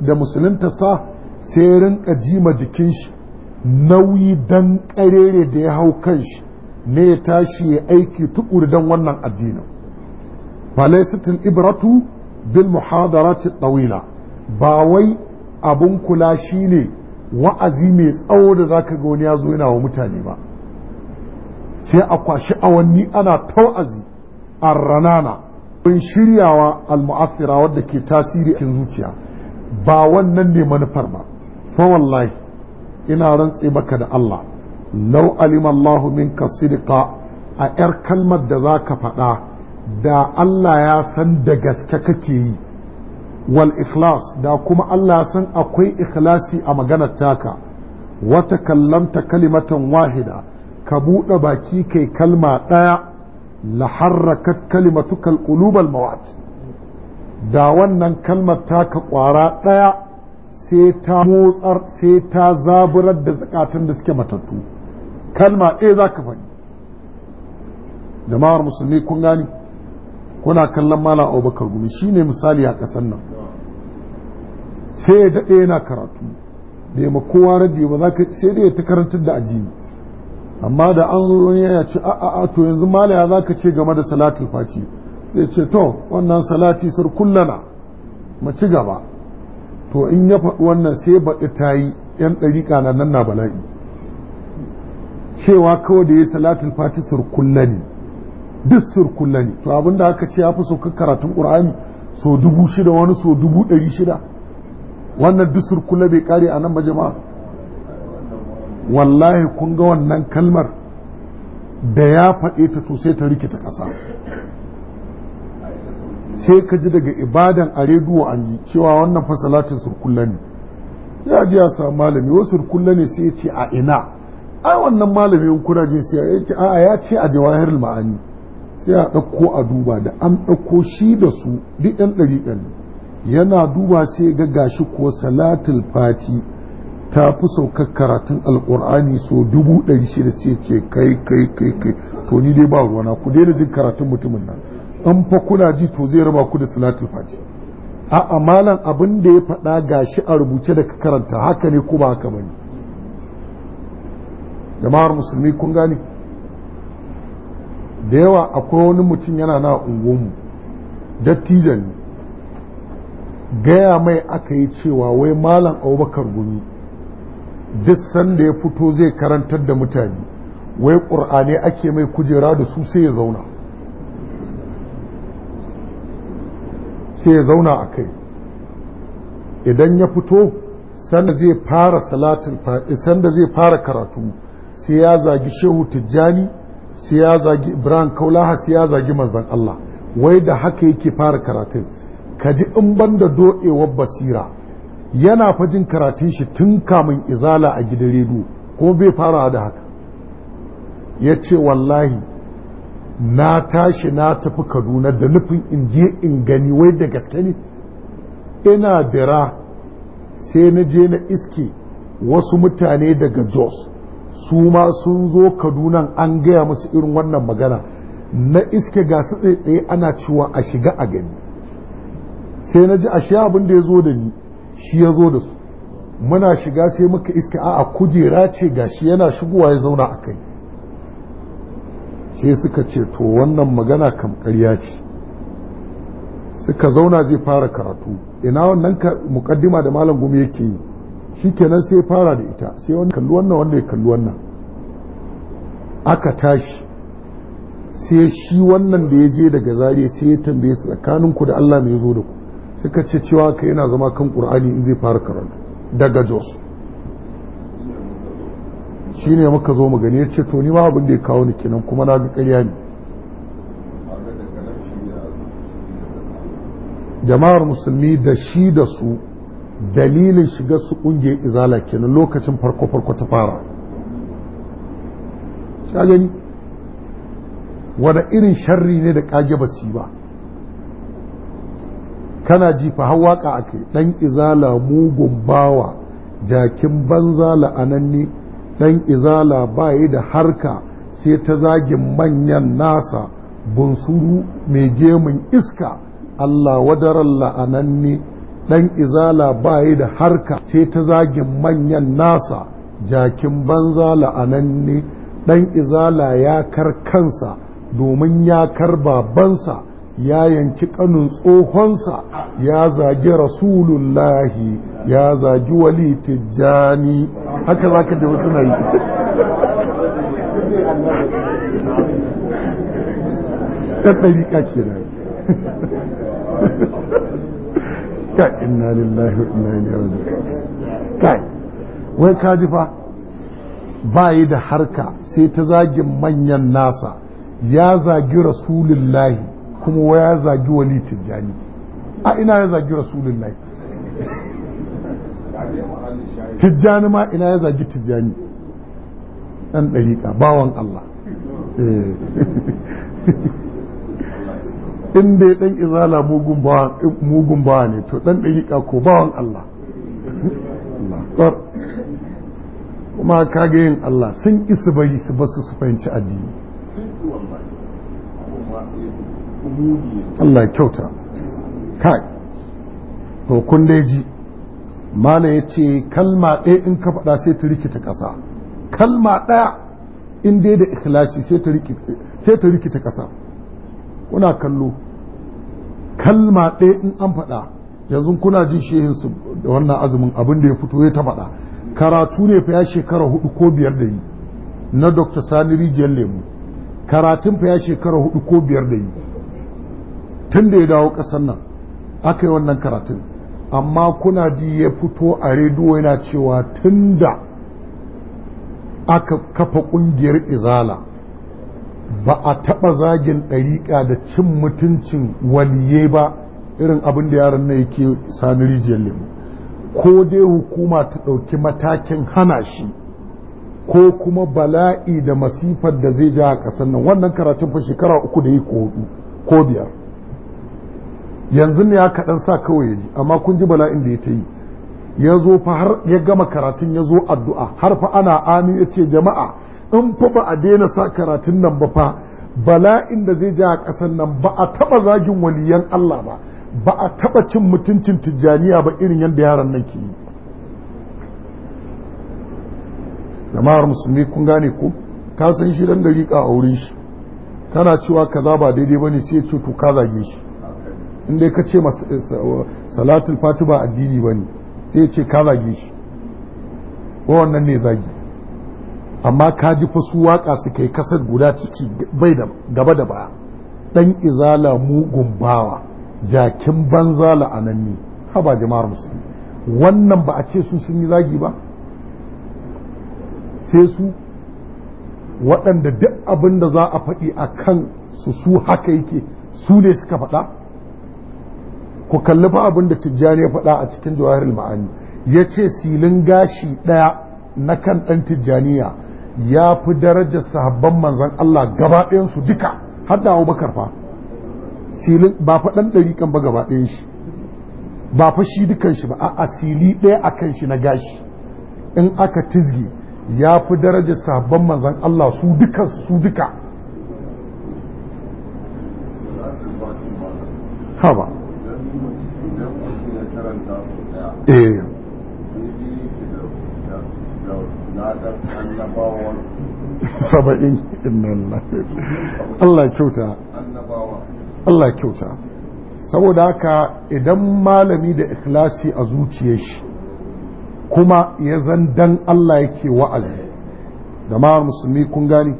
da musulunta sa sai rinka jima jikin shi nauyi dan karere da ya hau kan shi ne ya tashi ya aiki tuƙuru don wannan addinin falaisatin ibratu bil muhadarati tawila ba wai abun kula shine wa'azi mai tsawo da zaka ga wani ya zo yana wa mutane ba sai a kwashi awanni ana tawa'azi a ranana kun shiryawa al-mu'assira wadda ke tasiri a zuciya ba wannan ne manufar ba fa wallahi ina rantse maka da Allah law alima Allah minka sidqa a yar kalmar da zaka faɗa da Allah ya san da gaske kake yi wal ikhlas da kuma Allah ya san akwai ikhlasi a maganar taka wata kallamta kalimatan wahida ka buɗe baki kai kalma ɗaya la harrakat kalimatukal qulubal mawat da wannan kalmar taka kwara ɗaya sai ta motsar sai ta zaburar da zakatun da suke matattu kalma ɗaya za ka faɗi jama'ar musulmi kun gani kuna kallon mala abubakar gumi shine misali a ƙasar nan sai ya daɗe yana karatu da ma kowa radiyo ba za ka sai dai ya ta karantar da addini amma da an zo yana ce a a to yanzu malaya za ka ce game da salatul fati sai ce to wannan salati sur kullana mu ci gaba to in ya faɗi wannan sai baɗi ta yi ‘yan ɗariƙa na nan na bala'i cewa kawai da ya yi salatin fati kullani duk kullani to abin da aka ce ya fi so karatun ƙur'ani so dubu shida wani so dubu ɗari shida wannan duk kullani bai kare a nan ba jama'a wallahi kun ga wannan kalmar da ya faɗe ta to sai ta rikita ƙasa sai ka ji daga ibadan a rediyo an yi cewa wannan fasalatin surkulla ne ya ji ya samu malami wasu surkulla ne sai ya ce a ina a wannan malamin kuna je sai a ya ce a jawahir ma'ani sai a ɗauko a duba da an ɗauko shi da su duk ɗan ɗari ɗan yana duba sai ga gashi ko salatul fati ta fi saukar karatun alƙur'ani so dubu ɗari shida sai ce kai kai kai kai to ni dai ba ruwana ku daina jin karatun mutumin nan An fa kuna ji to zai raba ku da salatul fati a'a malam abin da ya faɗa gashi a rubuce da karanta haka ne ko ba haka bane jama'ar musulmi kun gane da yawa akwai wani mutum yana na unguwanmu dattijo gaya mai aka yi cewa wai malam abubakar gumi duk sanda ya fito zai karantar da mutane wai ƙur'ani ake mai kujera da su sai ya zauna sai ya zauna a kai idan ya fito sanda zai fara salatin sanda zai fara karatu sai ya zagi shehu tijjani sai ya zagi ibrahim kaulaha sai ya zagi manzan Allah wai da haka yake fara karatun Kaji in banda doɗewar basira yana fajin karatun shi tun kamun izala a gidan redu ko bai fara da haka ya ce wallahi na tashi na tafi kaduna da nufin in je in gani wai da gaske ne ina dira sai na je na iske wasu mutane daga jos su ma sun zo Kaduna an gaya musu irin wannan magana na iske ga su tsaye ana cewa a shiga a gani sai na ji ashe abin da ya zo da ni shi ya zo da su muna shiga sai muka iske a kujera ce ga shi yana shigowa ya zauna a kai sai suka ce to wannan magana kam ƙarya ce suka zauna zai fara karatu ina wannan mukaddima da malam gumi yake yi shi kenan sai fara da ita sai wani kallu wannan wanda ya kallu wannan aka tashi sai shi wannan da ya je daga zariya sai ya tambaye su tsakaninku da allah mai zo da ku suka ce cewa ka yana zama kan Kur'ani in zai fara karatu daga jos shi ne muka zo mu gani ya ce to ni ma abin da ya kawo ni kinan kuma na ga karya ne jama'ar musulmi da shi da su dalilin shiga su ƙungiyar izala kenan lokacin farko-farko ta fara sha gani wada irin sharri ne da kage basi ba kana jifa hawaka ake ɗan izala mugun bawa jakin banza la'ananni ɗan izala bayi da harka sai ta zagin manyan nasa bunsuru mai gemun iska Allah wadaran la'ananne ɗan izala bayi da harka sai ta zagin manyan nasa jakin banza la'ananne ɗan izala ya kar kansa domin ya kar babansa ya yanki kanun tsohonsa ya zagi rasulullahi ya zagi wali tijjani haka za ka ji wasu na yi ɗaɗɗari ƙaƙi na ka inna lillahi wa inna ilaihi raji'un kai wai ka ji fa bayi da harka sai ta zagin manyan nasa ya zagi rasulullahi kuma ya zagi wali tijjani a ina ya zagi rasulullahi tijjani ma ina ya zagi tijjani ɗan ɗariƙa bawan Allah eh. in dai ɗan izala mugun bawa ne to ɗan ɗariƙa ko bawan Allah kuma kage yin Allah sun isa bari su basu su fahimci addini Allah ya kyauta kai to kun dai ji mala ya ce kalma ɗaya in ka faɗa sai ta rikita ƙasa kalma ɗaya in dai da ikhlashi sai ta rikita ƙasa kuna kallo kalma ɗaya in an faɗa yanzu kuna jin su da wannan azumin abin da ya fito ya ta faɗa karatu ne fa ya shekara hudu ko biyar da yi na dr sani rijiyar lemu karatun fa ya shekara hudu ko biyar da yi tun da ya dawo ƙasar nan aka yi wannan karatun amma kuna ji ya fito a rediyo yana cewa tun da aka kafa ƙungiyar izala ba a taɓa zagin ɗariƙa da cin mutuncin waliye ba irin abin da yaran na yake sani rijiyar lemu ko dai hukuma ta ɗauki matakin hana shi ko kuma bala'i da masifar da zai ja a ƙasar nan wannan karatun fa shekara uku da yi ko biyar yanzu ne aka dan sa kawai yi. amma kun ji bala'in da ya ta yi ya zo fa har ya gama karatun ya zo addu'a har fa ana amin ya ce jama'a in fa ba a daina sa karatun nan ba fa bala'in da zai ja a ƙasar nan ba a taɓa zagin waliyan Allah ba ba a taɓa cin mutuncin tijjaniya ba irin yadda yaran nan ke yi jama'ar musulmi kun gane ko ka san shi dan dariƙa a wurin shi kana cewa kaza ba daidai bane sai ya ce to ka zage shi in dai ka ce salatul fati ba addini ba ne sai ce ka zage shi wannan ne zagi amma ka ji fa su waka su kai kasar guda ciki bai da gaba da baya dan izala mugun bawa jakin banza la'ananni ba jama'ar musulmi wannan ba a ce su sun yi zagi ba sai su waɗanda duk abin da za a faɗi a kan su su haka yake su ne suka faɗa ku kalli fa abin da tijjani ya faɗa a cikin jawahirul ma'ani ya ce silin gashi ɗaya na kan ɗan tijjaniya ya fi darajar sahabban manzan Allah gaba su duka har da abubakar fa silin ba fa ɗan ɗari kan ba gaba ɗayan shi ba fa shi dukan shi ba a asili ɗaya a kan shi na gashi in aka tizgi ya fi darajar sahabban manzan Allah su duka su duka haba eh saba'in inna Allah kyauta Allah kyauta saboda haka idan malami da ikhlasi a zuciyar shi kuma ya zan dan Allah yake wa'azi da mawar musulmi kun gani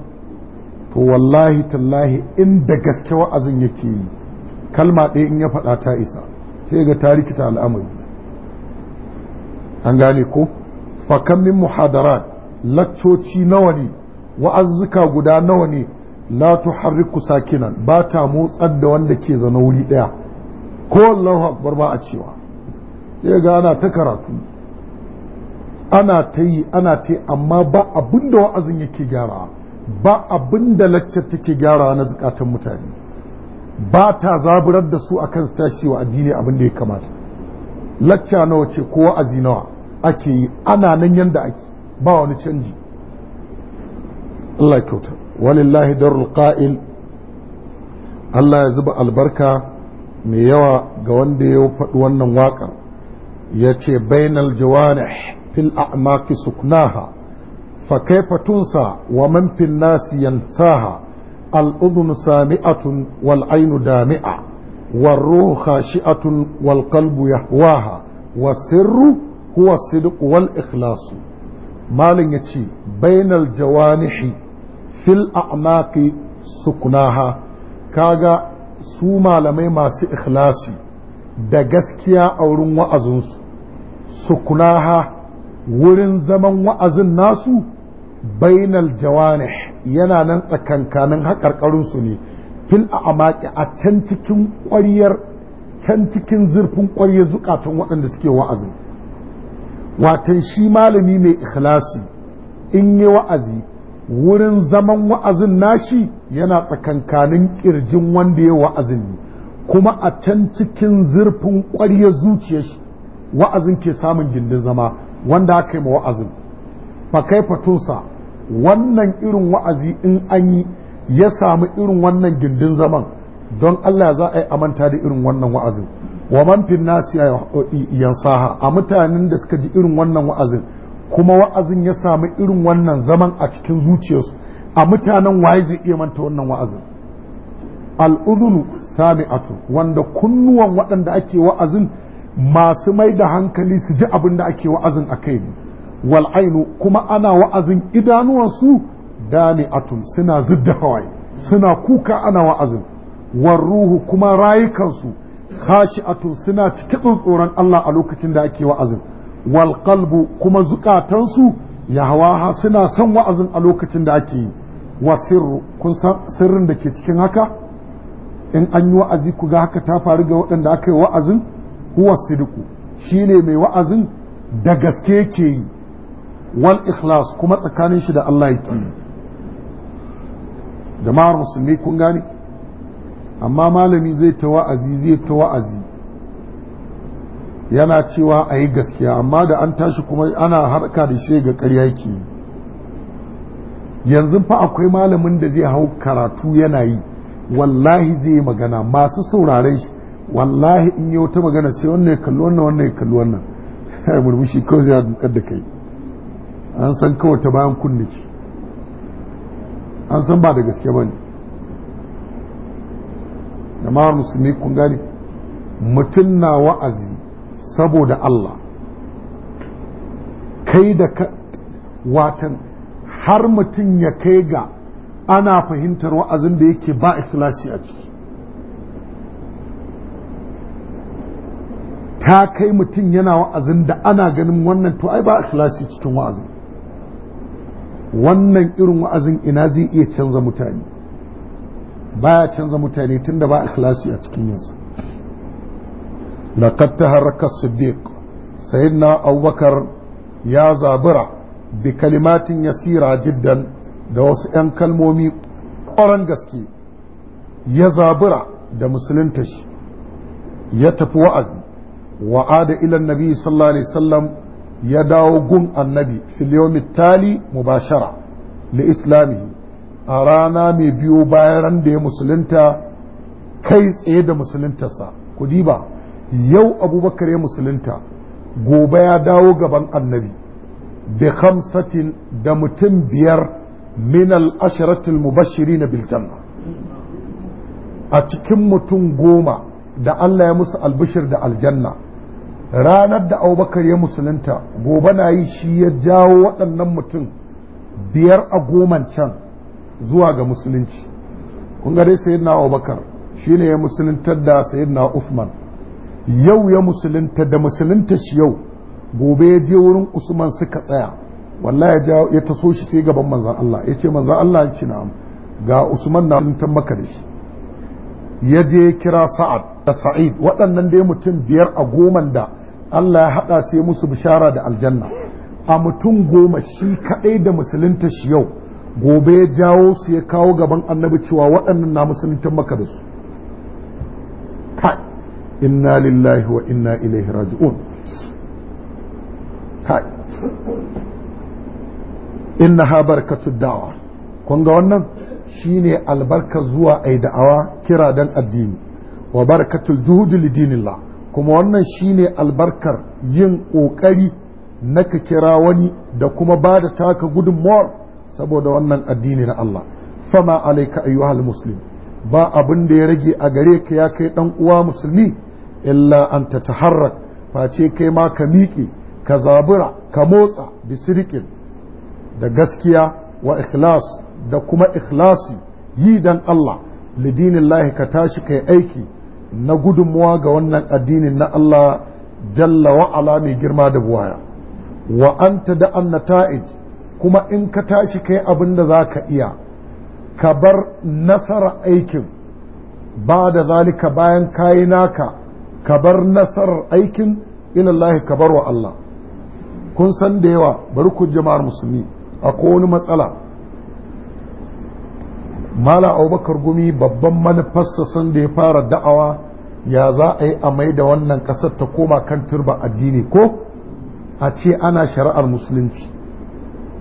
to wallahi tallahi inda gaske wa'azin yake yi kalma ɗaya in ya faɗa ta isa sai ga tarikita al'amari an gane ko fakan min muhadarat laccoci nawa ne wa'azzuka guda nawa ne la harriku sakinan ba ta motsar da wanda ke zana wuri daya ko Allahu akbar ba a cewa sai ga ana ta karatu ana ta yi ana ta yi amma ba abin da wa'azin yake gyara ba abin da laccar take gyara na zukatan mutane ba ta zaburar da su akan su tashi wa addini abin da ya kamata lacca nawa ce ko wa'azi nawa ake yi ana nan yanda ake ba wani canji Allah kyauta walillahi darul qa'il Allah ya zuba albarka mai yawa ga wanda ya faɗi wannan waƙar ya ce bainal jawanih fil a'maqi suknaha fa kaifa tunsa wa man fil nasi yansaha al sami'atun wal'ainu aynu dami'a والروح خاشئة والقلب يهواها والسر هو الصدق والإخلاص مالن يتشي بين الجوانح في الأعماق سكناها كاغا su malamai masu ikhlasi da gaskiya a wurin wa'azinsu sukunaha wurin zaman wa'azin nasu Bainar jawanihi yana nan tsakankanin haƙarƙarinsu ne fil a'maqi a can cikin ƙwariyar can cikin zurfin ƙwariyar zukatan waɗanda suke wa'azi watan shi malami mai ikhlasi in yi wa'azi wurin zaman wa'azin nashi yana tsakankanin ƙirjin wanda ya wa'azin ne kuma a can cikin zurfin ƙwariyar zuciyar shi wa'azin ke samun gindin zama wanda aka yi ma wa'azin fa kai fatunsa wannan irin wa'azi in an yi ya samu irin wannan gindin zaman don Allah za a yi amanta da irin wannan wa'azin wa man fi nasi yansaha a mutanen da suka ji irin wannan wa'azin kuma wa'azin ya samu irin wannan zaman a cikin zuciyarsu a mutanen waye zai iya manta wannan wa'azin al'udunu sami'atu wanda kunnuwan waɗanda ake wa'azin masu mai da hankali su ji abin da ake wa'azin a kai ne kuma ana wa'azin idanuwansu dami'atun suna zidda hawaye suna kuka ana wa'azin ruhu kuma rayukansu khashi'atun suna cikin tsoron Allah a lokacin da ake wa'azin wal qalbu kuma zukatansu yawaha suna son wa'azin a lokacin da ake yi wasirru kun san sirrin da ke cikin haka in an yi wa'azi ku ga haka ta faru ga waɗanda aka yi wa'azin huwa sidiku shine mai wa'azin da gaske yake yi wal ikhlas kuma tsakanin shi da Allah yake yi jama'ar musulmi kun gane amma malami zai ta wa'azi zai ta wa'azi yana cewa a yi gaskiya amma da an tashi kuma ana harka da shi ga ƙarya yake yanzu fa akwai malamin da zai hau karatu yana yi wallahi zai yi magana masu saurare shi wallahi in yi wata magana sai wannan ya kalli wannan wannan ya kalli wannan murmushi kawai zai haɗu da kai an san kawai ta bayan kunne ce an san ba da gaske ba ne musulmi kun gani mutum na wa'azi saboda Allah kai da ka watan har mutum ya kai ga ana fahimtar wa'azin da yake ba ikhlasi a ciki ta kai mutum yana wa'azin da ana ganin wannan to ai ba ikhlasi cikin wa'azin wannan irin wa'azin ina zai iya canza mutane baya canza mutane tun da ba ikhlasi a cikin yinsa laqad taharraka siddiq sayyidina abubakar ya zabura bi kalimatin yasira jiddan da wasu 'yan kalmomi ƙwaron gaske ya zabura da musulunta shi ya tafi wa'azi wa'ada ilan nabi sallallahu alaihi wasallam ya dawo gun annabi filiyomi tali mubashara na islami a rana mai biyo bayan da ya musulunta kai tsaye da musuluntarsa ku diba yau abubakar ya musulunta gobe ya dawo gaban annabi bi khamsatin da mutum biyar min al-asharatil mubashirin na janna a cikin mutum goma da Allah ya musu albishir da aljanna ranar da abubakar ya musulunta gobe na yi shi ya jawo waɗannan mutum biyar a goman can zuwa ga musulunci kun ga dai sayyidina abubakar shine ya musuluntar da na usman yau ya musulunta da musulunta shi yau gobe ya je wurin usman suka tsaya wallahi ya ya taso shi sai gaban manzan Allah ya ce manzan Allah ya ce na'am ga usman na musulunta maka da shi ya je kira sa'ad da sa'id waɗannan dai mutum biyar a goman da Allah ya haɗa sai musu bishara da aljanna a mutum goma shi kaɗai da musulunta shi yau gobe ya jawo su ya kawo gaban annabi cewa waɗannan na musuluntan maka da su kai inna lillahi wa inna ilaihi raji'un kai inna ha barkatu da'awa kun ga wannan shine albarka zuwa ai da'awa kira dan addini wa barkatul juhudi lidinillah kuma wannan shine albarkar yin ƙoƙari na ka kira wani da kuma ba da taka gudunmawar saboda wannan addini na Allah fama alaika ayyuhal muslim ba abin da ya rage a gare ka ya kai ɗan uwa musulmi illa an ta taharrak face kai ma ka miƙe ka zabura ka motsa bisirikin da gaskiya wa ikhlas da kuma ikhlasi yi dan Allah lidinillahi ka tashi kai aiki na gudunmuwa ga wannan addinin na Allah jalla wa ala mai girma da buwaya wa anta da an ta'id kuma in ka tashi kai abin da za ka iya ka bar nasara aikin ba da zalika bayan kayi naka ka bar nasarar aikin ilallahi ka bar wa Allah kun san da yawa bari ku jama'ar musulmi akwai wani matsala mala abubakar gumi babban manufarsa sun da ya fara da'awa ya za a yi a mai da wannan ƙasar ta koma kan turba addini ko a ce ana shari'ar musulunci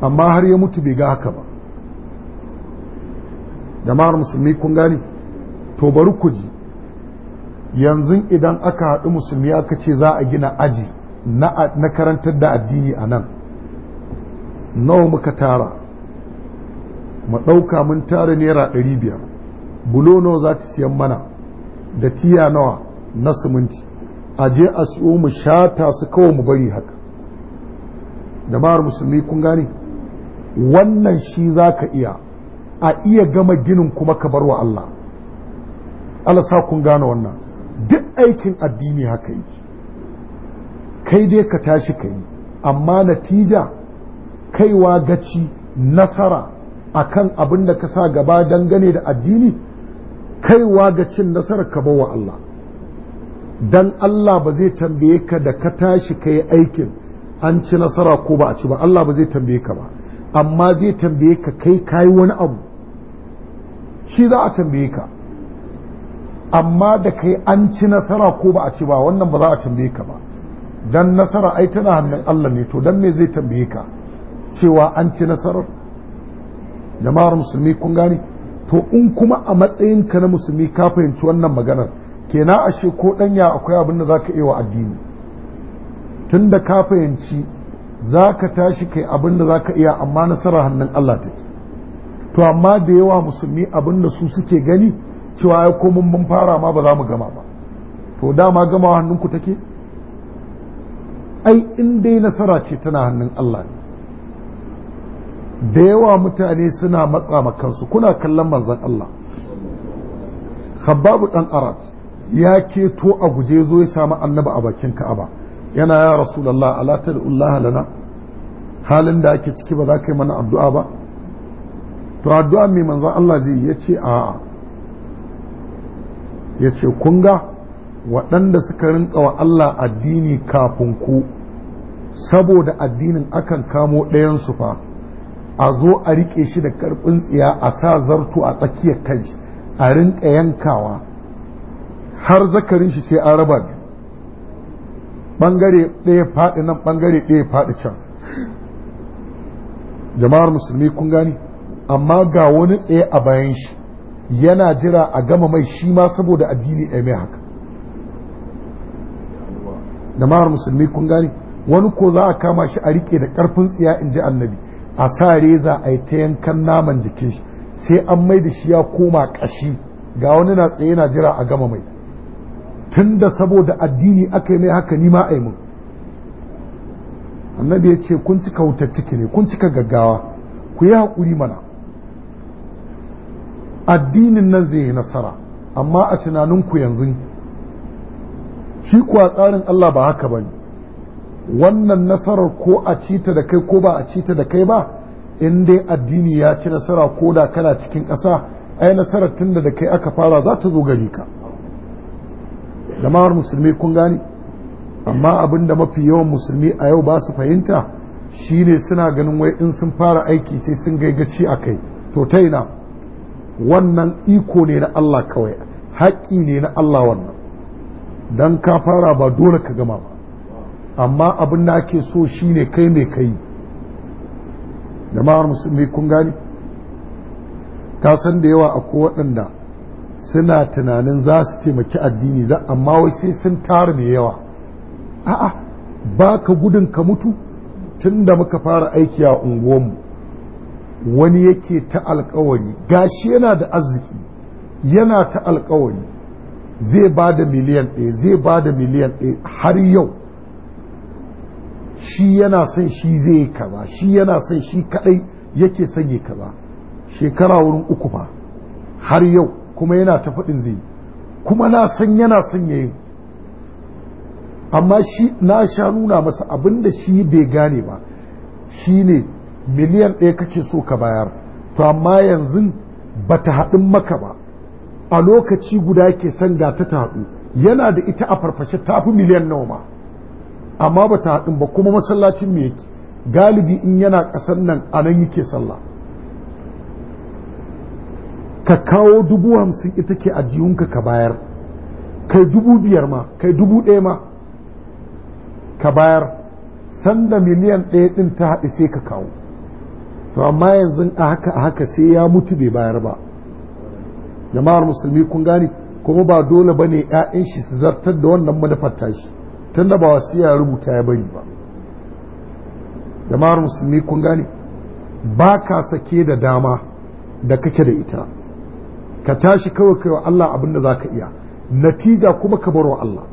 amma har ya mutu bai ga haka ba jama'ar musulmi kun gani to bari ku ji yanzu idan aka haɗu musulmi aka ce za a gina aji na karantar da addini a nan nawa muka tara mu ɗauka mun tara naira ɗari biyar bulo nawa za ta siyan mana da tiya nawa na siminti a je a siyo mu shata su kawai mu bari haka jama'ar musulmi kun gane wannan shi za ka iya a iya gama ginin kuma ka bar wa Allah Allah sa kun gane wannan duk aikin addini haka yi kai dai ka tashi ka yi amma natija kaiwa gaci nasara akan abin da ka sa gaba dangane da addini kaiwa ga cin nasarar ka bawa Allah dan Allah ba zai tambaye ka da ka tashi ka yi aikin an ci nasara ko ba a ci ba Allah ba zai tambaye ka ba amma zai tambaye ka kai kayi wani abu shi za a tambaye ka amma da kai an ci nasara ko ba a ci ba wannan ba za a tambaye ka ba dan nasara ai tana hannun Allah ne to dan me zai tambaye ka cewa an ci nasarar jama'ar musulmi kun gane to in kuma a matsayin ka na musulmi ka fahimci wannan maganar kenan ashe ko danya akwai abin da zaka iya wa addini Tun da ka fahimci za ka tashi kai abin da za ka iya amma nasara hannun Allah take to amma da yawa musulmi abin da su suke gani cewa ya ko mun fara ma ba za mu gama ba to dama gama hannunku take ai in dai nasara ce tana hannun Allah ne da yawa mutane suna matsa makansu kuna kallon manzan Allah khababu dan arat ya keto a guje zo ya samu annaba a bakin ka'aba yana ya rasulullah ala tad'ullah lana halin da ake ciki ba za ka yi mana addu'a ba to addu'a mai manzan Allah zai ya ce a'a ya ce kunga waɗanda suka rinka wa Allah addini kafin ku saboda addinin akan kamo ɗayan su fa a zo a rike shi da karfin tsiya a sa zartu a tsakiyar kai a rinka yankawa har zakarin shi sai an raba biyu bangare ɗaya faɗi nan bangare ɗaya faɗi can jama'ar musulmi kun gani amma ga wani tsaye a bayan shi yana jira a gama mai shi ma saboda addini ɗaya mai haka jama'ar musulmi kun gani wani ko za a kama shi a rike da ƙarfin tsiya in ji annabi a sa reza a yi ta yankan naman jikin shi sai an mai da shi ya koma ƙashi ga wani na tsaye na jira a gama mai tun da saboda addini aka yi mai haka ni ma a yi mun annabi ya ce kun cika wutar ciki ne kun cika gaggawa ku yi haƙuri mana addinin nan zai yi nasara amma a tunaninku yanzu shi kuwa tsarin Allah ba haka ba wannan nasarar ko a cita da kai ko ba a cita da kai ba in dai addini ya ci nasara ko da kana cikin ƙasa ai nasarar tun da kai aka fara za ta zo gari ka jama'ar musulmi kun gani amma abin da mafi yawan musulmi a yau ba su fahimta shine suna ganin wai in sun fara aiki sai sun gaigaci a kai to ta ina wannan iko ne na Allah kawai haƙƙi ne na Allah wannan don ka fara ba dole ka gama ba amma abin da ake so shine kai mai kai jama'ar musulmi kun gani Ta san da yawa akwai waɗanda suna tunanin za su taimaki addini za amma wai sai sun tara mai yawa a'a ba ka gudun ka mutu tun da muka fara aiki a unguwanmu wani yake ta alkawari gashi yana da arziki yana ta alkawari zai ba da miliyan ɗaya zai ba da miliyan ɗaya har yau shi yana son shi zai yi kaza shi yana son shi kadai yake son ya kaza shekara wurin uku ba har yau kuma yana ta faɗin zai kuma na san yana son yayi amma shi na sha nuna masa abinda shi bai gane ba shi ne miliyan ɗaya kake so ka bayar to amma yanzu ba ta haɗin maka ba a lokaci guda ke son ga ta haɗu yana da ita a farfashe tafi miliyan nawa ma amma ba ta haɗin ba kuma masallacin me yake galibi in yana ƙasar nan a nan yake sallah ka kawo dubu hamsin ita ke ajiyunka ka bayar kai dubu biyar ma kai dubu ɗaya ma ka bayar sanda miliyan ɗaya ɗin ta haɗi sai ka kawo to amma yanzu a haka a haka sai ya mutu bai bayar ba jama'ar musulmi kun gane kuma ba dole ba ne 'ya'yan shi su zartar da wannan manufar tashi tun da ba wasiya rubuta ya bari ba jama'ar musulmi kun gane ba ka sake da dama da kake da ita ka tashi kawai kai wa Allah abin da za ka iya natija kuma ka wa Allah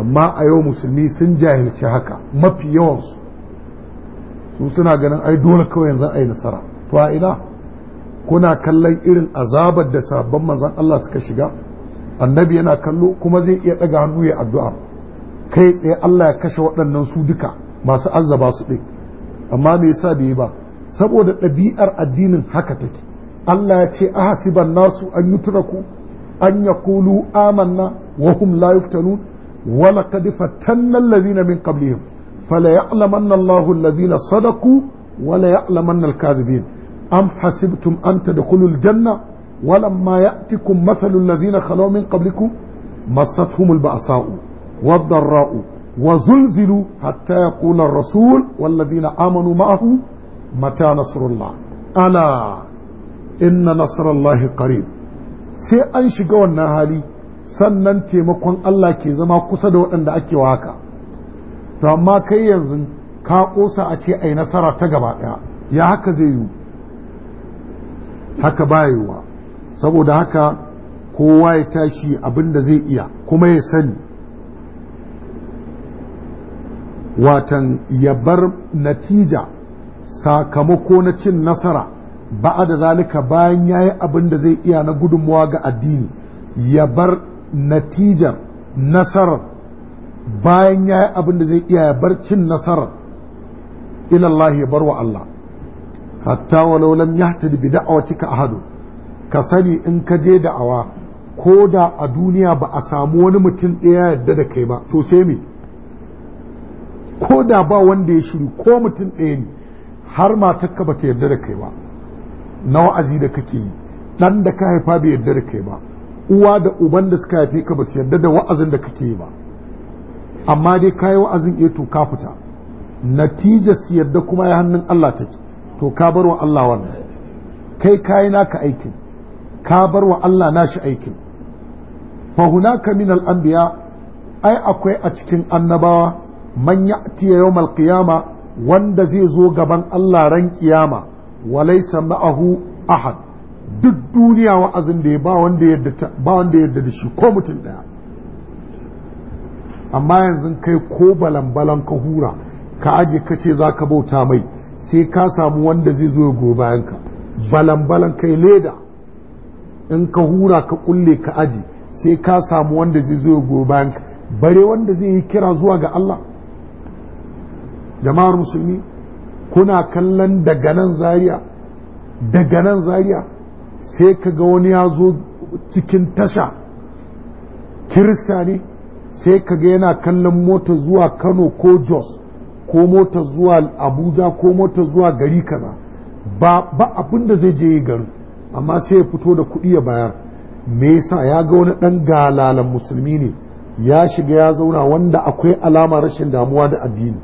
amma a yau musulmi sun jahilci haka mafi yawansu su suna ganin ai dole kawai yanzu a nasara to a ina kuna kallon irin azabar da sabon manzan Allah suka shiga annabi yana kallo kuma zai iya daga hannu ya addu'a kai tsaye Allah ya kashe waɗannan su duka masu azzaba su ɗin amma me yasa bai yi ba saboda ɗabi'ar addinin haka take Allah ya ce a hasiban nasu an yutraku an kulu amanna wa hum la yuftanun wa laqad fatanna allazina min qablihim fala ya'lamanna Allahu allazina sadaqu wa la ya'lamanna al-kadhibin am hasibtum an tadkhulul janna ولما يأتكم مثل الذين خلوا من قبلكم مستهم البأساء والضراء وزلزلوا حتى يقول الرسول والذين آمنوا معه متى نصر الله ألا إن نصر الله قريب sai an shiga wannan hali sannan taimakon Allah ke zama kusa da waɗanda ake waka to amma kai yanzu ka ƙosa a ce ai nasara ta gaba ɗaya ya haka zai yi haka ba yiwuwa saboda haka kowa ya tashi abinda zai iya kuma ya sani watan ya bar natija sakamako na cin nasara ba'a da zalika bayan ya yi abin zai iya na gudunmawa ga addini ya bar natijar nasarar bayan ya yi abin zai iya ya bar cin nasarar ilallah ya bar wa Allah hatta walau lam yahtadi bi da'awatika ahadu ka sani in ka je da'awa ko da a duniya ba a samu wani mutum ɗaya yadda da kai ba to sai me ko da ba wanda ya shiru ko mutum ɗaya ne har matarka ba ta yarda da kai ba na wa'azi da kake yi ɗan da ka haifa bai yarda da kai ba uwa da uban da suka haifi ka ba su yarda da wa'azin da kake yi ba amma dai ka yi wa'azin iya eh to ka fita natijar su yarda kuma ya hannun Allah take to ka bar wa Allah wannan kai kayi naka aikin ka bar wa Allah nashi aikin fa hunaka min al anbiya ai akwai a cikin annabawa man ya'ti yawmal qiyama wanda zai zo gaban Allah ran kiyama walaysa ma'ahu ahad duk duniya wa'azin da ya ba wanda yadda ba wanda yadda da shi ko mutum daya amma yanzu kai ko balan-balan ka hura ka aje ka ce za ka bauta mai sai ka samu wanda zai zo ya goyi bayanka balan-balan kai leda in ka hura ka kulle ka aji sai ka samu wanda zai zo go bank bare wanda zai yi kira zuwa ga Allah jama'ar musulmi kuna kallon daga nan zaria daga nan zaria sai ka ga wani ya zo cikin tasha kirista sai ka ga yana kallon mota zuwa kano ko jos ko mota zuwa abuja ko mota zuwa gari kaza ba abin zai je garin amma sai ya fito da kuɗi ya bayar me yasa ya ga wani ɗan galalan musulmi ne ya shiga ya zauna wanda akwai alama rashin damuwa da addini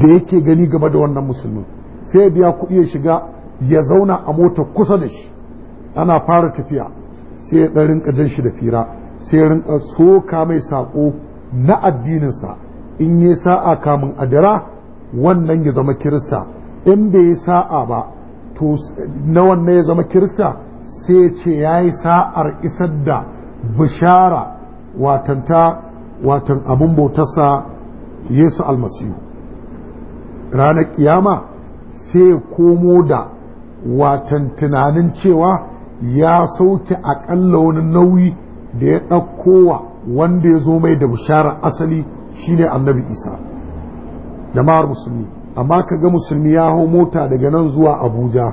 da yake gani game da wannan musulmin sai ya biya kuɗi ya shiga ya zauna a mota kusa da shi ana fara tafiya sai ya ɗan rinka jan shi da fira sai ya rinka soka mai saƙo na addininsa in yi sa'a kamun adira wannan ya zama kirista in bai yi sa'a ba to na wanne ya zama kirista sai ce ya yi sa'ar isar da bishara watan ta watan abin bautarsa yesu almasihu ranar kiyama sai komo da watan tunanin cewa ya sauke aƙalla wani nauyi da ya ɗaukowa wanda ya zo mai da bishara asali shine annabi isa jama'ar musulmi amma ka ga musulmi ya hau mota daga nan zuwa abuja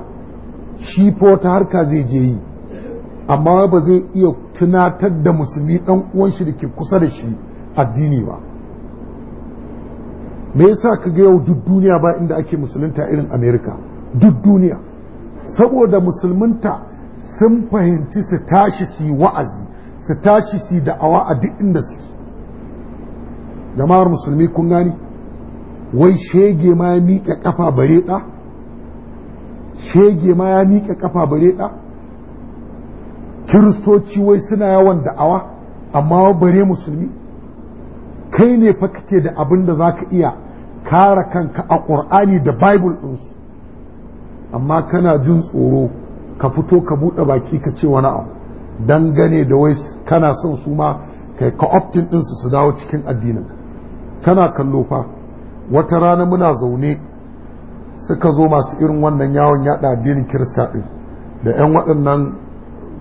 shi fota har harka zai je yi amma ba zai iya tunatar da musulmi ɗan uwan shi da ke kusa da shi addini ba me yasa ka ga yau duk duniya ba inda ake musulunta irin amerika duk duniya saboda musulmunta sun fahimci su tashi su yi wa'azi su tashi su yi da'awa a duk inda su jama'ar musulmi kun gani wai shege ma ya miƙe ƙafa bare ɗa shege ma ya miƙa ƙafa bare ɗa kiristoci wai suna yawan da'awa amma bare musulmi kai ne fa kake da abin da za ka iya kare kanka a ƙur'ani da bible ɗinsu amma kana jin tsoro ka fito ka buɗe baki ka ce wani abu dangane da wai kana son su ma kai ka optin ɗinsu su dawo cikin addinin kana kallo fa wata rana muna zaune suka zo masu irin wannan yawon yada addinin kirista ɗin da 'yan waɗannan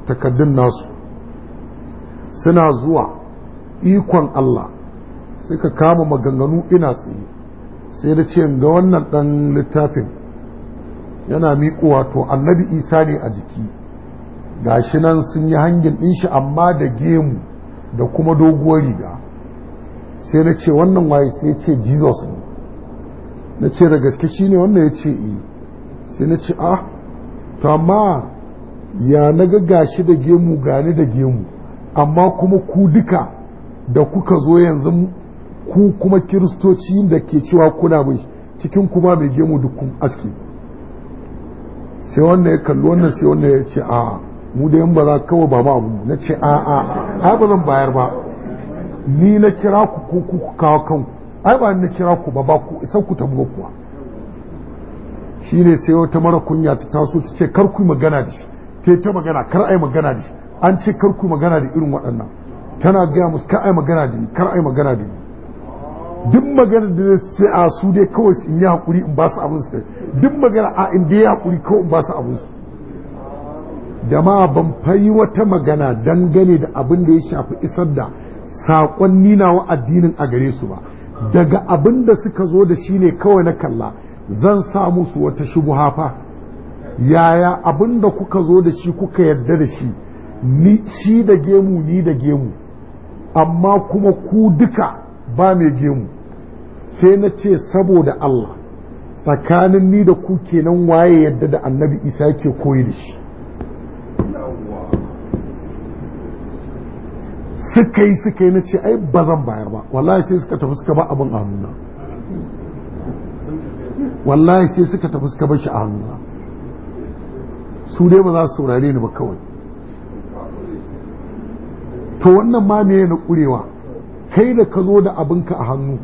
takaddun nasu suna zuwa ikon Allah suka kama maganganu ina tsaye sai da ce ga wannan ɗan littafin yana miƙowa to annabi isa ne a jiki Ga shi nan sun yi hangin ɗin shi amma da gemu da kuma doguwar riga sai na ce wannan waye sai ce jesus ne na ce da gaske shi ne wannan ya ce yi sai na ce a ah, to amma ya na ga shi da gemu gani da gemu amma kuma ku duka da kuka zo yanzu ku kuma kiristoci da ke cewa kuna mai cikin kuma mai gemu dukkan aski sai wannan ya kalli wannan sai wannan ya ce a mu da yan ba za kawo ba ma abu na ce a a a ba zan bayar ba ni na kira ku ko ku kawo kanku ai ba na kira ku ba ba ku isan ku tabo kuwa shine sai wata mara kunya ta taso ta ce kar ku magana da shi ta ta magana kar ai magana da shi an ce kar ku magana da irin waɗannan tana gaya musu kar ai magana da ni kar ai magana da ni duk magana da ce a su dai kawai su yi hakuri in ba su abin su duk magana a in dai hakuri kawai in ba su abin su jama'a ban fayi wata magana dangane da abin da ya shafi isar da saƙon ninawa addinin a gare su ba daga abin da suka zo da shi ne kawai na kalla zan sa musu wata shubuha fa yaya abin da kuka zo da shi kuka yarda da shi ni shi da gemu ni da gemu amma kuma ku duka ba mai gemu sai na ce saboda Allah tsakanin ni da ku kenan waye yadda da annabi isa ke koyi da shi suka yi suka yi na ce ai ba zan bayar ba wallahi sai suka tafi suka ba abin a hannuna wallahi sai suka tafi suka bashi shi a hannuna su dai ba za su saurare ni ba kawai to wannan ma ne na kurewa kai da ka zo da abinka a hannu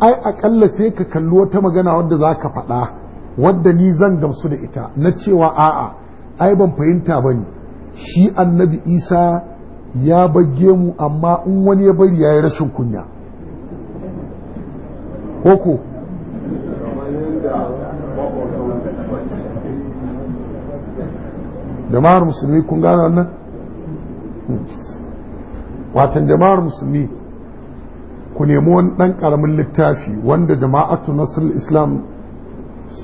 ai akalla sai ka kalli wata magana wadda za ka faɗa wadda ni zan gamsu da ita na cewa a'a ai ban fahimta ba ne shi annabi isa ya bagge mu amma in wani ya bari ya yi rashin kunya koko jama'ar musulmi kun gane wannan hmm. watan jama'ar musulmi ku nemi wani ɗan ƙaramin littafi wanda jama'atu nasir islam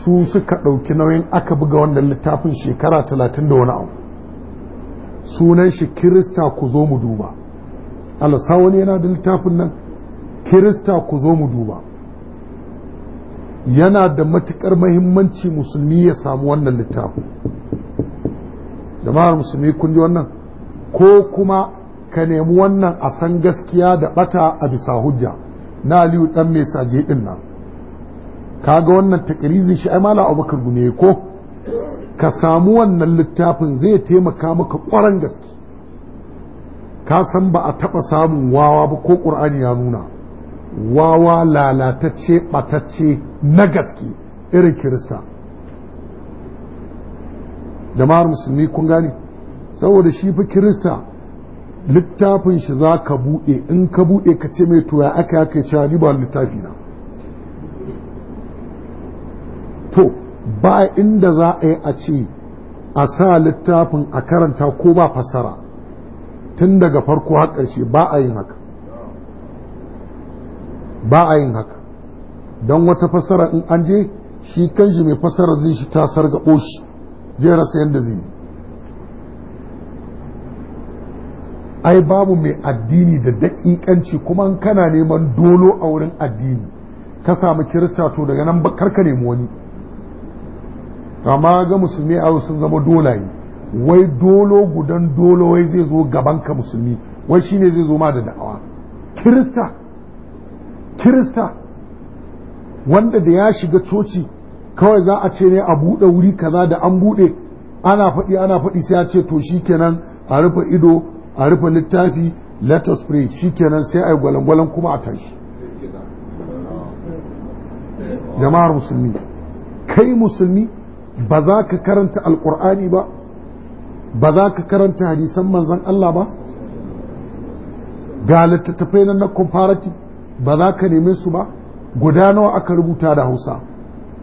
su suka ɗauki nauyin aka buga wannan littafin shekara talatin da wani abu sunan shi kirista ku zo mu duba Allah yana da littafin nan kirista ku zo mu duba yana da matukar mahimmanci musulmi ya samu wannan littafin jama'ar musulmi kun ji wannan ko kuma ka nemi wannan a san gaskiya da bata a bisa hujja na aliyu dan mai saje din nan kaga wannan takrizin shi ai mala abubakar gune ko ka samu wannan littafin zai taimaka maka ƙwaran gaske ka san ba a taɓa samun wawa ba ko ƙur'ani ya nuna wawa lalatacce ɓatacce na gaske irin kirista jama'ar musulmi kun gane saboda shi fi kirista littafin shi za ka buɗe in ka buɗe ka ce mai toya aka ya kai cewa ni ba littafi na to ba inda za a yi a ce a sa littafin a karanta ko ba fasara, tun daga farko har ƙarshe ba a yin haka ba a yin haka don wata fasara in an je shi kanshi mai fasara zai shi ta sarga shi zai rasa yadda zai yi ai babu mai addini da daƙiƙanci kuma kana neman dolo a wurin addini ka samu kirista to daga nan karka nemi wani amma ga musulmi a sun zama dolaye wai dolo gudan dolo wai zai zo gaban ka musulmi wai shine zai zo ma da da'awa kirista kirista wanda da ya shiga coci kawai za a ce ne a buɗe wuri kaza da an buɗe ana faɗi ana faɗi sai a ce to shikenan a rufe ido a rufe littafi let us pray shikenan sai a yi gwalangwalan kuma a tashi jama'ar musulmi kai musulmi ba za ka karanta alƙur'ani ba ba za ka karanta hadisan manzan Allah ba ga littattafai na comparative ba za ka neme su ba guda nawa aka rubuta da hausa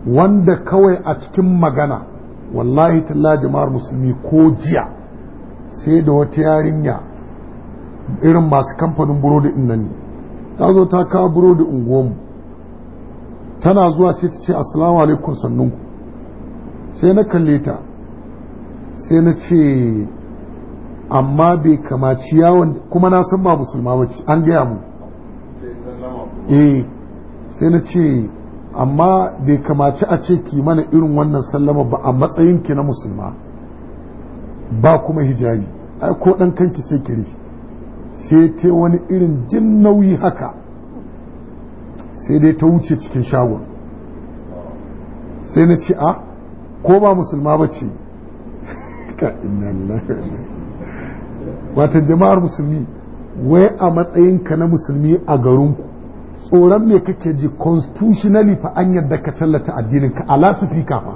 wanda kawai a cikin magana wallahi talla jama'ar musulmi ko jiya sai da wata yarinya irin masu kamfanin burodi din ne ta zo ta kawo burodi unguwanmu tana zuwa sai ta ce assalamu alaikum sannunku sai na kalle ta sai na ce amma bai kamaci yawon kuma na san ba musulma bace an gaya mu eh sai na ce amma bai kamaci a ce ki mana irin wannan sallama ba a matsayin ki na musulma ba kuma hijabi ai ko dan kanki sai ki sai ta wani irin jin nauyi haka sai dai ta wuce cikin shagon sai na ce a ah, ko ba musulma ba ce ka wata jama'ar musulmi wai a matsayinka na musulmi a garinku tsoron me kake ji constitutionally fa an yadda ka tallata addinin ka lasifika fa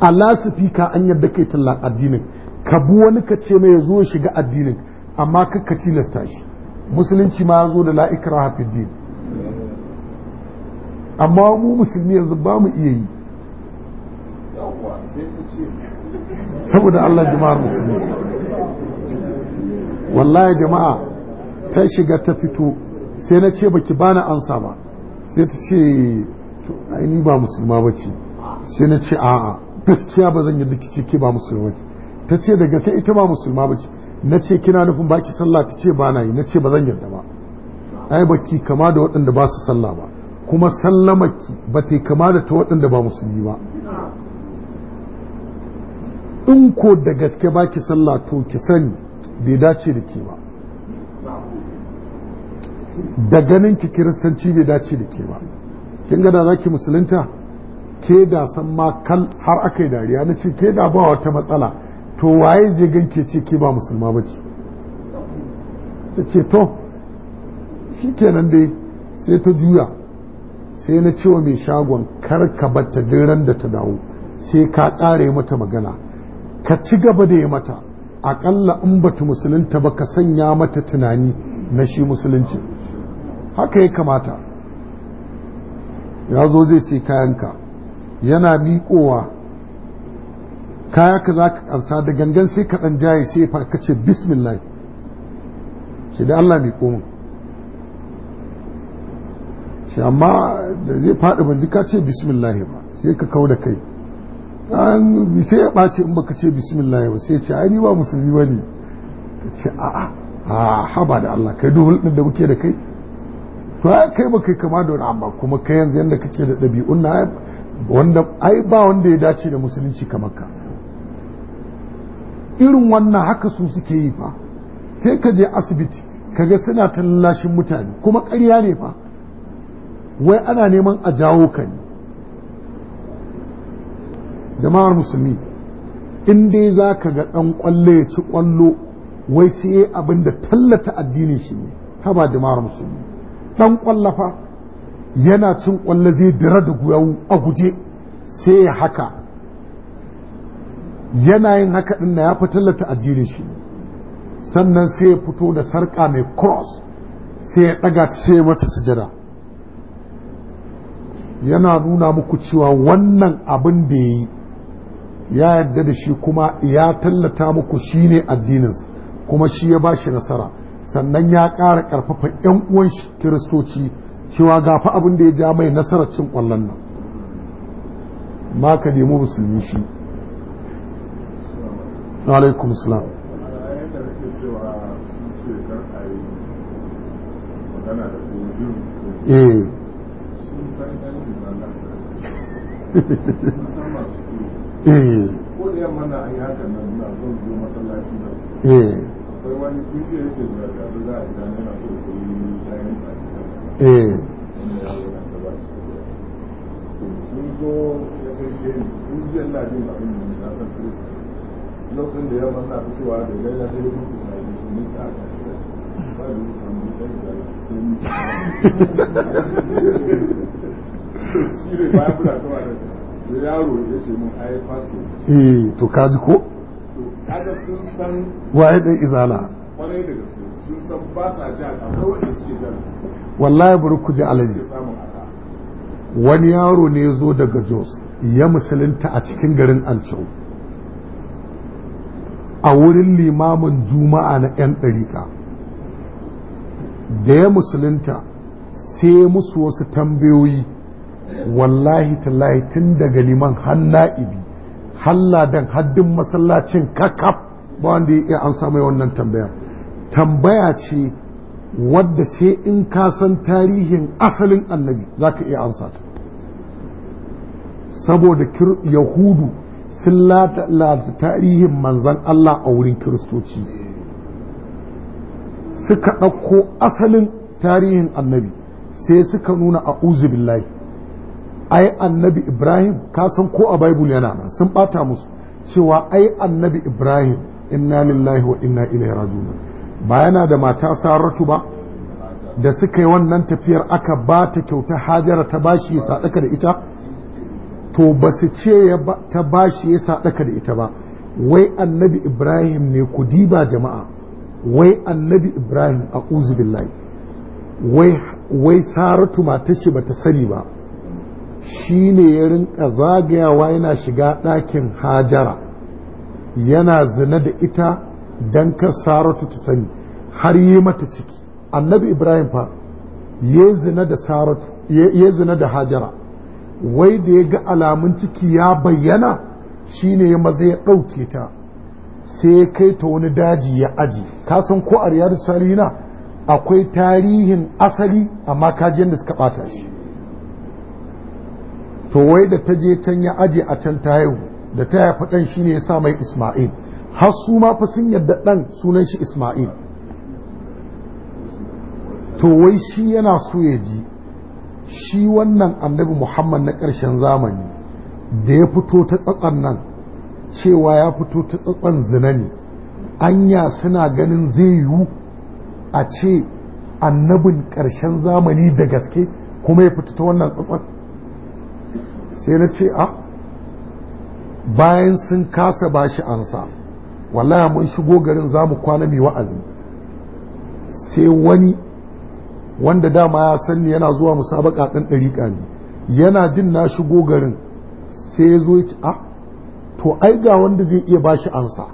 A lasifika an yadda kai talla addinin ka bu wani ka ce mai zo shiga addinin amma kakka tilasta shi musulunci ma ya zo da la'ikara hafi din amma mu musulmi yanzu ba mu iya yi saboda Allah jama'ar musulmi wallahi jama'a ta shiga ta fito sai na ce baki bani ansa ba sai ta ce ni ba musulma ba ce sai na ce a'a gaskiya ba zan yi ce ke ba musulma ce ta ce daga sai ita ba musulma ba ce na ce kina nufin baki sallah ta ce ba na yi na ce ba zan yarda ba ai baki kama da waɗanda ba su sallah ba kuma sallamaki ba ta kama da ta waɗanda ba musulmi ba in ko da gaske baki ki sallah to ki sani bai dace da ke ba da ganin ki kiristanci bai dace da ke ba kin gada za ki musulunta ke da san ma har aka yi dariya na ce ke da ba wata matsala to waye je ke ce ke ba musulma ba ce ta ce to shi kenan dai sai ta juya sai na cewa mai shagon kar ka batta duran da ta dawo sai ka ƙare mata magana ka ci gaba da ya mata aƙalla in bata musulunta ba ka sanya mata tunani na shi musulunci haka ya kamata ya zo zai ce kayanka yana miƙowa kaya ka za ka ƙansa da gangan sai ka ɗan jaye sai ya ka ce bismillah sai da Allah mai komin shi amma da zai faɗi ban ji ka ce bismillah ba sai ka kau da kai sai ya ɓace in baka ce bismillah ba sai ce ai ni ba musulmi ba ne ka ce a'a a haba da Allah kai duk hulɗin da muke da kai to ai kai ba kai kama da wani amma kuma kai yanzu yanda kake da ɗabi'un na wanda ai ba wanda ya dace da musulunci kamar ka irin wannan haka su suke yi fa sai ka je asibiti kaga suna tallashin mutane kuma ƙarya ne fa wai ana neman a jawo ka ne jama'ar musulmi in dai za ka ga ɗan ƙwallo ya ci ƙwallo wai sai ya abin da tallata addini shi ne haba jama'ar musulmi ɗan ƙwallafa yana cin ƙwallo zai dira da guyawu a guje sai ya haka yana yin haka ɗin na ya fi tallata addini shi sannan sai ya fito da sarƙa mai cross sai ya ɗaga ta sai mata sujada yana nuna muku cewa wannan abin da ya yi ya yadda da shi kuma ya tallata muku shi ne addininsa kuma shi ya ba shi nasara sannan ya ƙara ƙarfafa 'yan uwan shi kiristoci cewa gafa abin da ya ja mai nasarar cin ƙwallon nan ma ka nemi musulmi shi alaikum salam eh Eh. ko da yamma na an yi hakan nan na zo zo masallaci na eh. akwai wani tuji ya yake zuwa ga zuwa a gida yana so su yi kayan sa eh sun zo ya kai shi tuji Allah din ba mun na san kristo lokacin da yamma na ta cewa da gaila sai ya mutu sai ya ni sa ka shi ba da mu samu kai da sun shi ne ba ku da kowa da yaro eh, to kaji ko wallahi bari ji alaji wani yaro ne ya zo daga Jos ya musulunta a cikin garin Alcau a wurin limamin juma'a na 'yan ɗarika da ya musulunta sai musu wasu tambayoyi wallahi tallahi tun daga liman hanna'ibi halladan haddin masallacin kakaf ba wanda ya iya an samu wannan tambaya tambaya ce wadda sai in ka san tarihin asalin annabi za ka iya ansa ta saboda yahudu sun lalata tarihin manzan Allah a wurin kiristoci suka ɗauko asalin tarihin annabi sai suka nuna a uzubillahi ai annabi ibrahim ka san ko a bible yana nan sun bata musu cewa ai annabi ibrahim inna lillahi wa inna ilaihi rajiun ba yana da mata saratu ba da suka yi wannan tafiyar aka ba ta kyauta hajara ta bashi ya sadaka da ita to ba su ce ta bashi ya sadaka da ita ba wai annabi ibrahim ne ku diba jama'a wai annabi ibrahim a billahi wai saratu shi ba ta sani ba shi ne ya rinka zagayawa yana shiga ɗakin hajara yana zina da ita don ka saratu ta sani har yi mata ciki annabi ibrahim fa ya zina da hajara wai da ya ga alamun ciki ya bayyana shi ne ya maza ya ɗauke ta sai ya kai ta wani daji ya aji kasan ko a riyar salina akwai tarihin asali amma kajiyar da suka ɓata shi to wai da ta je can ya aje a can ta haihu da ta haifi ɗan shi ne ya sa mai Ismail har su ma fa sun yadda ɗan sunan shi Ismail to wai shi yana so ya ji shi wannan annabi Muhammad na ƙarshen zamani da ya fito ta tsatsan nan cewa ya fito ta tsatsan zina ne anya suna ganin zai yiwu a ce annabin ƙarshen zamani da gaske kuma ya fito ta wannan tsatsan sai na ce a ah. bayan sun kasa ba shi ansa wallahi mun shigo garin za mu kwana mai wa'azi sai wani wanda dama ya san ni yana zuwa musabaka ɗan ɗariƙa ne yana jin na shigo garin sai ya zo ya ce a ah, to ai ga wanda zai iya ba shi ansa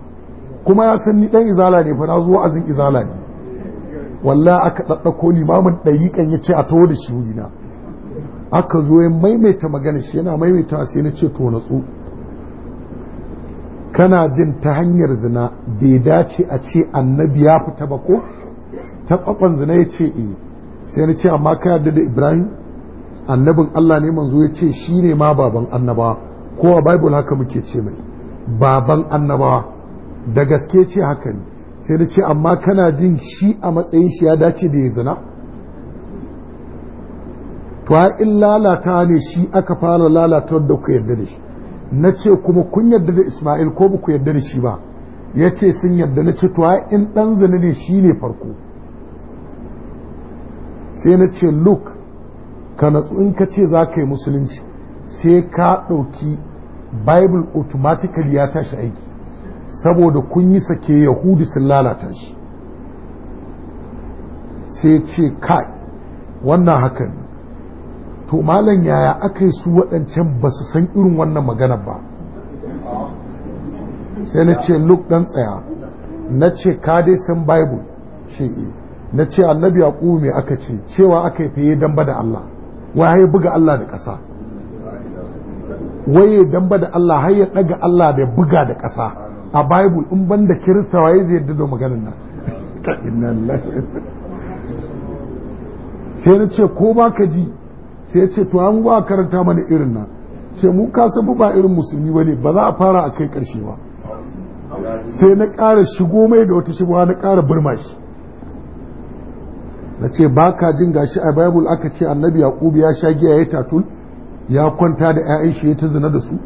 kuma ya san ni ɗan izala ne fa na zuwa azin izala ne wallahi aka ɗaɗɗako limamin ɗariƙan ya ce a taho da shi aka zo ya maimaita magana shi yana maimaita sai na ce to natsu kana jin ta hanyar zina bai dace a ce annabi ya fita ba ko ta tsakon zina ya ce eh sai na ce amma ka yarda da ibrahim annabin allah ne manzo ya ce shi ne ma baban annaba ko a bible haka muke ce mai baban annaba da gaske ce haka ne sai na ce amma kana jin shi a matsayin shi ya dace da ya zina to in lalata ne shi aka fara lalata da ku yarda da shi na ce kuma kun yarda da ismail ko ba ku yarda da shi ba ya ce sun yarda na ce to in ɗan zane ne shi ne farko sai na ce Luke ka natsu in ka ce za ka yi musulunci sai ka ɗauki bible automatically ya tashi aiki saboda kun yi sake yahudu sun lalata shi sai ce kai wannan hakan to malam yaya aka yi su waɗancan ba su san irin wannan magana ba sai na ce luk ɗan tsaya na ce ka dai san bible ce eh. na ce annabi a me aka ce cewa aka yi fiye damba da Allah Wa ya buga Allah da ƙasa wai ya da Allah har ya ɗaga Allah da buga da ƙasa a bible in ban da kirista waye zai yadda da maganin nan sai na ce ko ba ka ji sai ya ce to an gwa karanta mana irin nan ce mu ka kasa ba irin musulmi ba ba za a fara a kai karshe ba sai na ƙara shigo mai da wata shigowa na ƙara burma shi na ce ba ka jin gashi a bible aka ce annabi yaƙubu ya sha giya ya tatul ya kwanta da 'ya'yan shi ya ta zina da su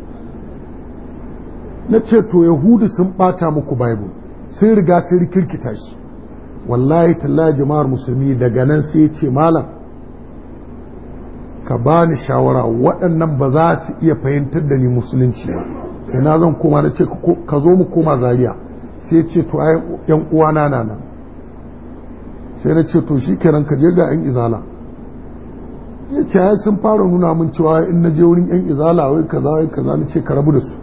na ce to yahudu sun ɓata muku bible sai riga sai rikirkita shi wallahi tallahi jama'ar musulmi daga nan sai ce malam ka ba ni shawara waɗannan ba za su iya fahimtar da ni musulunci ba ina zan koma na ce ka zo mu koma zaria sai ce to ai yan uwana na nan sai na ce to shi kenan ka je ga yan izala ya ce ai sun fara nuna min cewa in na je wurin yan izala wai kaza wai kaza na ce ka rabu da su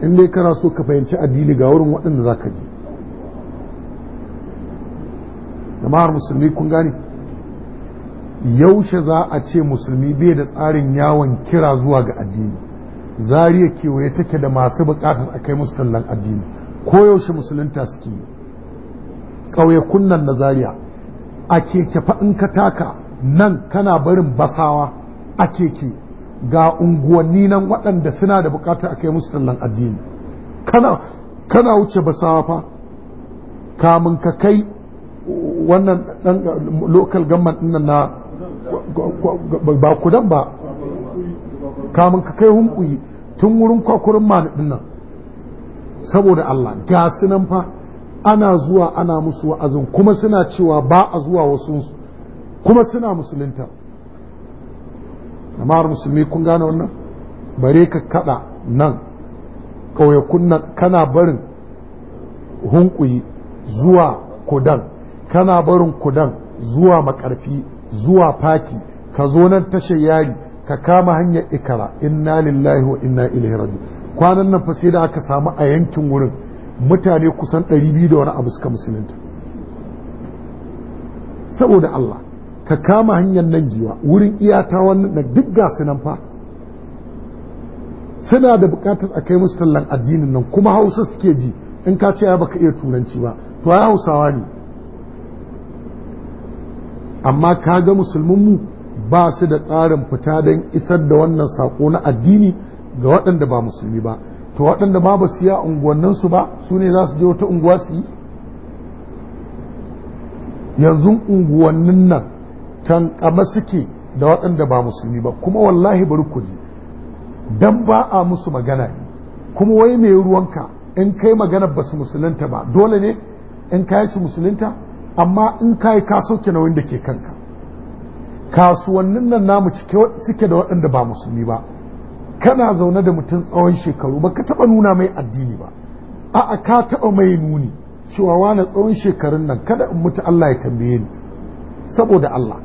in dai kana so ka fahimci addini ga wurin waɗanda za ka je jama'ar musulmi kun gane yaushe za a ce musulmi bai da tsarin yawon kira zuwa ga addini zariya kewaye take da masu bukatar a kai musu tallan addini ko yaushe musulunta suke ƙauye kunnan na zariya a keke faɗin in ka taka nan kana barin basawa a keke ga unguwanni nan waɗanda suna da bukatar a kai musu tallan addini kana kana wuce basawa fa kamun ka kai wannan local government na ba kudan ba kamun ka kai hunkuyi tun wurin kwakurin ma din nan saboda Allah ga sunan fa ana zuwa ana musu wa'azin kuma suna cewa ba a zuwa wasunsu kuma suna musulunta amma musulmi kun gane wannan bare ka kada nan ƙauyakun nan kana barin hunkuyi zuwa kudan kana barin kudan zuwa makarfi zuwa faki ka zo nan tashar yari ka kama hanyar ikara inna lillahi wa inna ilaihi raji kwanan nan fa sai da aka samu a yankin wurin mutane kusan 200 da wani abu suka musulunta saboda Allah ka kama hanyar nan giwa wurin iyata wannan duk ga nan fa suna da bukatar a kai musu tallan addinin nan kuma hausa suke ji in ka ce ya baka iya turanci ba to ya hausawa ne amma ka ga musulmanmu ba su da tsarin fita don isar da wannan saƙo na addini ga waɗanda ba musulmi ba to waɗanda ba ba su yi unguwanninsu ba su ne za su je wata unguwa su yi yanzu unguwannin nan tankama suke da waɗanda ba musulmi ba kuma wallahi bari ku ji dan ba a musu magana kuma wai mai ruwanka in kai magana ba su musulunta ba dole ne in kai su musulunta amma in ka yi ka sauke na wanda ke kanka kasuwannin nan namu cike da waɗanda ba musulmi ba kana zaune da mutum tsawon shekaru ba ka taɓa nuna mai addini ba a'a ka taɓa mai nuni cewa wani tsawon shekarun nan kada in mutu Allah ya tambaye ni saboda Allah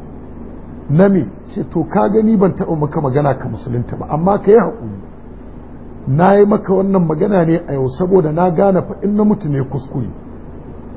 na me ce to ka gani ban taɓa maka magana ka musulunta ba amma ka yi haƙuri na yi maka wannan magana ne a yau saboda na gane fa in na mutu ne kuskure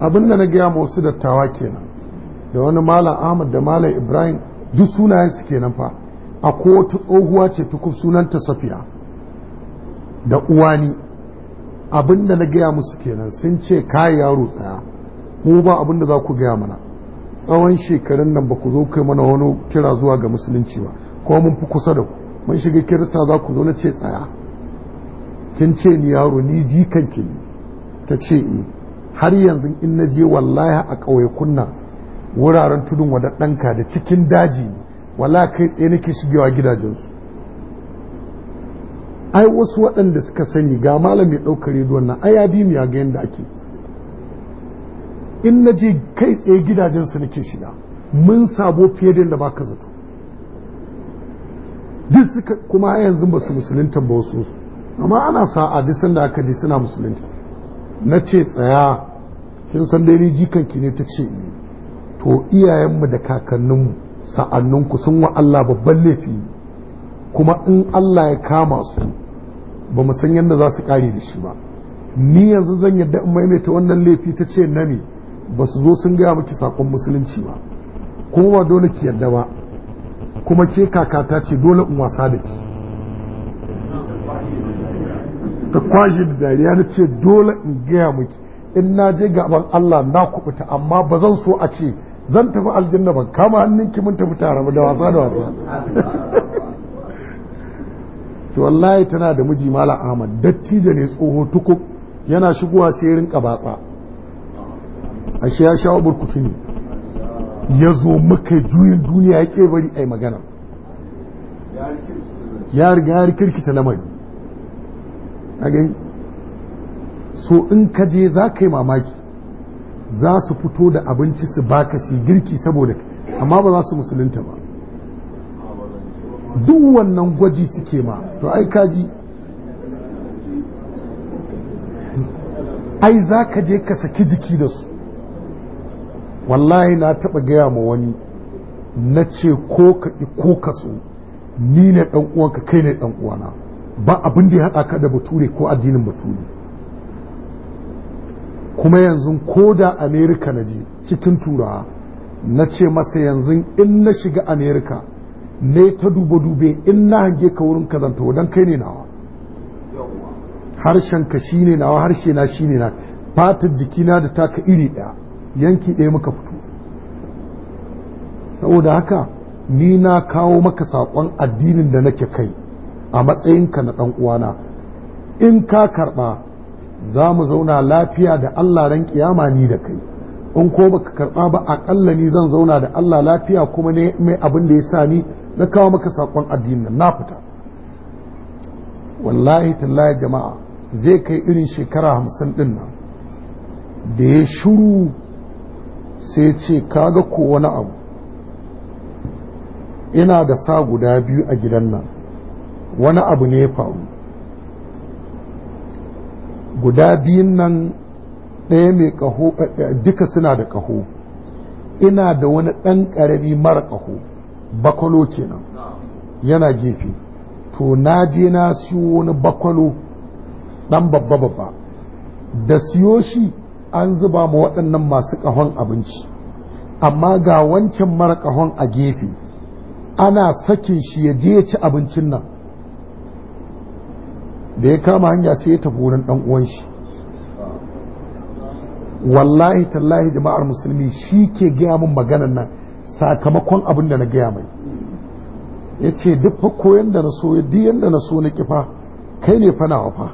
abin da na gaya ma wasu dattawa kenan da wani malam ahmad da malam ibrahim duk sunayen su kenan fa a wata tsohuwa ce tukub sunanta safiya da uwani abin da na gaya musu kenan sun ce kayi yaro tsaya mu ba abin da za ku gaya mana tsawon shekarun nan ba ku zo kai mana wani kira zuwa ga musulunci ba ko mun fi kusa da ku mun shiga kirista za ku zo na ce tsaya kin ce ni yaro ni jikan ki ta ce ni eh. har yanzu in na je wallahi a ƙauye kunna wuraren tudun wadaɗanka da cikin daji wala kai tsaye nake shigewa gidajensu ai wasu waɗanda suka sani ga malam mai ɗaukar rediyon nan ai ya bi mu ya ga yadda ake in na je kai tsaye gidajensu nake shiga mun sabo fiye da yadda ka zato duk suka kuma yanzu ba su musulunta ba wasu amma ana sa'a duk sanda aka ji suna musulunta na ce tsaya kin san dai ni jikanki ne ta ce to iyayenmu da kakanninmu sa'anninku sun wa Allah babban laifi kuma in Allah ya kama su ba mu san yadda za su kare da shi ba ni yanzu zan yadda in maimaita wannan laifi ta ce na ne ba su zo sun gaya miki sakon musulunci ba kuma ba dole ki yadda ba kuma ke kakata ce dole in wasa da ki ta kwashe da dariya na ce dole in gaya miki in na je gaban Allah na kubuta amma ba zan so a ce zan tafi aljanna ba kama hannun ki mun tafi tare da wasa da wasa to wallahi tana da miji mala ahmad dattijo ne tsoho tuku yana shigowa sai rinka batsa ashe ya shawo burkutu ne ya zo muka juyin duniya ya ke bari ai magana ya riga ya rikirkita lamari so in ka je za ka yi mamaki za su fito da abinci su baka su girki saboda amma ba za su musulunta ba duk wannan gwaji suke ma to ai kaji ai za ka je ka saki jiki da su wallahi na taɓa gaya ma wani na ce ko ka ko ka so ni ne ɗan uwanka kai ne ɗan uwana ba abin da ya haɗa ka da bature ko addinin bature kuma yanzu ko da amerika na je cikin turawa na ce masa yanzu in na shiga amerika ne ta dube-dube in na hange ka wurin kazanta wadon kai ne nawa ka shi ne nawa harshe na shi ne na fatar jikina da taka iri ɗaya yanki ɗaya muka fito saboda haka ni na kawo maka saƙon addinin da nake kai a matsayinka na ɗan uwana in ka karɓa za mu zauna lafiya da Allah ran kiyama ni da kai in ko baka karɓa ba aƙalla ni zan zauna da Allah lafiya kuma ne mai abin da ya sa ni na kawo maka saƙon addinin na fita wallahi tallahi jama'a zai kai irin shekara hamsin ɗin nan da ya shuru sai ce kaga ko wani abu ina da sa guda biyu a gidan nan wani abu ne ya faru guda biyun nan ɗaya mai ƙaho eh, eh, duka suna da ƙaho ina da wani ɗan ƙarami mara ƙaho bakwalo kenan yana gefe to na je na siyo wani bakwalo ɗan babba babba da siyo shi an zuba ma waɗannan masu ƙahon abinci amma ga wancan mara ƙahon a gefe ana sakin shi ya je ya ci abincin nan da ya kama hanya sai ya tafi wurin dan uwan shi wallahi tallahi jama'ar musulmi shi ke gaya min maganan nan sakamakon abin da na gaya mai ya ce duk fa koyan da na so ya diyan da na so na kifa kai ne fa nawa fa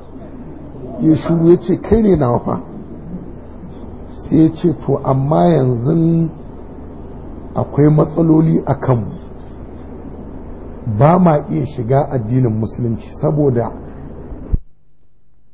ya shuru ya ce kai ne nawa fa sai ya ce to amma yanzu akwai matsaloli a kanmu ba ma iya shiga addinin musulunci saboda